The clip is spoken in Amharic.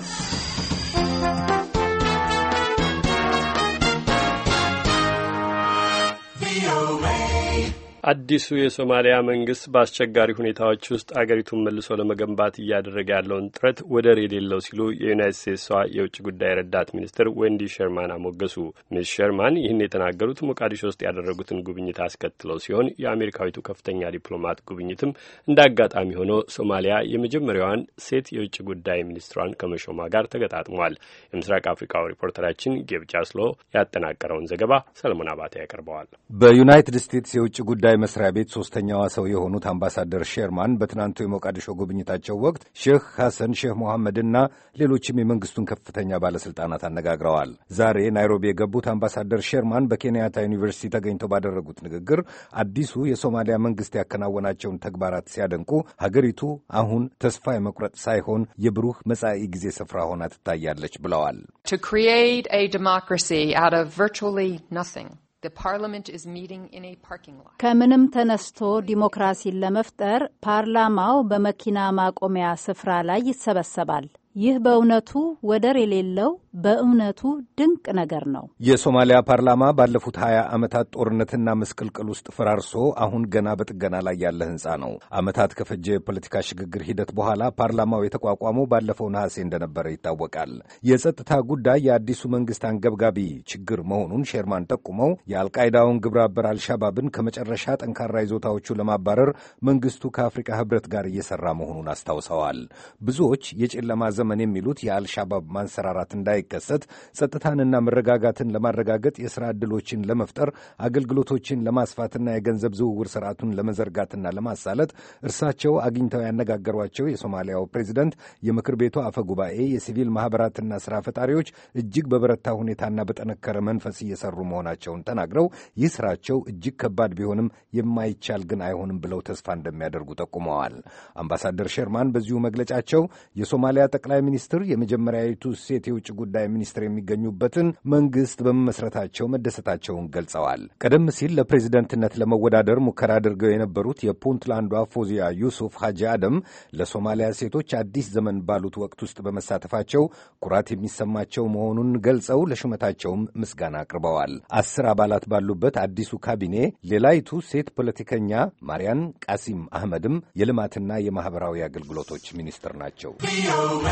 you አዲሱ የሶማሊያ መንግስት በአስቸጋሪ ሁኔታዎች ውስጥ አገሪቱን መልሶ ለመገንባት እያደረገ ያለውን ጥረት ወደር የሌለው ሲሉ የዩናይት ስቴትሷ የውጭ ጉዳይ ረዳት ሚኒስትር ዌንዲ ሸርማን አሞገሱ። ሚስ ሸርማን ይህን የተናገሩት ሞቃዲሾ ውስጥ ያደረጉትን ጉብኝት አስከትለው ሲሆን የአሜሪካዊቱ ከፍተኛ ዲፕሎማት ጉብኝትም እንደ አጋጣሚ ሆኖ ሶማሊያ የመጀመሪያዋን ሴት የውጭ ጉዳይ ሚኒስትሯን ከመሾማ ጋር ተገጣጥሟል። የምስራቅ አፍሪካው ሪፖርተራችን ጌብጫ ስሎ ያጠናቀረውን ዘገባ ሰለሞን አባቴ ያቀርበዋል። በዩናይትድ ስቴትስ የውጭ ጉዳይ መስሪያ ቤት ሶስተኛዋ ሰው የሆኑት አምባሳደር ሼርማን በትናንቱ የሞቃዲሾ ጉብኝታቸው ወቅት ሼህ ሐሰን ሼህ ሞሐመድና ሌሎችም የመንግስቱን ከፍተኛ ባለሥልጣናት አነጋግረዋል። ዛሬ ናይሮቢ የገቡት አምባሳደር ሼርማን በኬንያታ ዩኒቨርሲቲ ተገኝተው ባደረጉት ንግግር አዲሱ የሶማሊያ መንግስት ያከናወናቸውን ተግባራት ሲያደንቁ ሀገሪቱ አሁን ተስፋ የመቁረጥ ሳይሆን የብሩህ መጻኢ ጊዜ ስፍራ ሆና ትታያለች ብለዋል። To create a democracy out of virtually nothing. ከምንም ተነስቶ ዲሞክራሲን ለመፍጠር ፓርላማው በመኪና ማቆሚያ ስፍራ ላይ ይሰበሰባል። ይህ በእውነቱ ወደር የሌለው በእውነቱ ድንቅ ነገር ነው። የሶማሊያ ፓርላማ ባለፉት ሀያ ዓመታት ጦርነትና መስቅልቅል ውስጥ ፈራርሶ አሁን ገና በጥገና ላይ ያለ ህንፃ ነው። ዓመታት ከፈጀ የፖለቲካ ሽግግር ሂደት በኋላ ፓርላማው የተቋቋመው ባለፈው ነሐሴ እንደነበረ ይታወቃል። የጸጥታ ጉዳይ የአዲሱ መንግስት አንገብጋቢ ችግር መሆኑን ሼርማን ጠቁመው የአልቃይዳውን ግብረ አልሻባብን ከመጨረሻ ጠንካራ ይዞታዎቹ ለማባረር መንግስቱ ከአፍሪካ ህብረት ጋር እየሰራ መሆኑን አስታውሰዋል። ብዙዎች የጨለማ ዘመን ዘመን የሚሉት የአልሻባብ ማንሰራራት እንዳይከሰት ጸጥታንና መረጋጋትን ለማረጋገጥ የሥራ ዕድሎችን ለመፍጠር አገልግሎቶችን ለማስፋትና የገንዘብ ዝውውር ስርዓቱን ለመዘርጋትና ለማሳለጥ እርሳቸው አግኝተው ያነጋገሯቸው የሶማሊያው ፕሬዚደንት የምክር ቤቱ አፈ ጉባኤ የሲቪል ማኅበራትና ሥራ ፈጣሪዎች እጅግ በበረታ ሁኔታና በጠነከረ መንፈስ እየሰሩ መሆናቸውን ተናግረው ይህ ሥራቸው እጅግ ከባድ ቢሆንም የማይቻል ግን አይሆንም ብለው ተስፋ እንደሚያደርጉ ጠቁመዋል። አምባሳደር ሸርማን በዚሁ መግለጫቸው የሶማሊያ ጠቅላይ ጠቅላይ ሚኒስትር የመጀመሪያዊቱ ሴት የውጭ ጉዳይ ሚኒስትር የሚገኙበትን መንግስት በመመስረታቸው መደሰታቸውን ገልጸዋል። ቀደም ሲል ለፕሬዚደንትነት ለመወዳደር ሙከራ አድርገው የነበሩት የፑንትላንዷ ፎዚያ ዩሱፍ ሐጂ አደም ለሶማሊያ ሴቶች አዲስ ዘመን ባሉት ወቅት ውስጥ በመሳተፋቸው ኩራት የሚሰማቸው መሆኑን ገልጸው ለሹመታቸውም ምስጋና አቅርበዋል። አስር አባላት ባሉበት አዲሱ ካቢኔ ሌላይቱ ሴት ፖለቲከኛ ማርያን ቃሲም አህመድም የልማትና የማህበራዊ አገልግሎቶች ሚኒስትር ናቸው።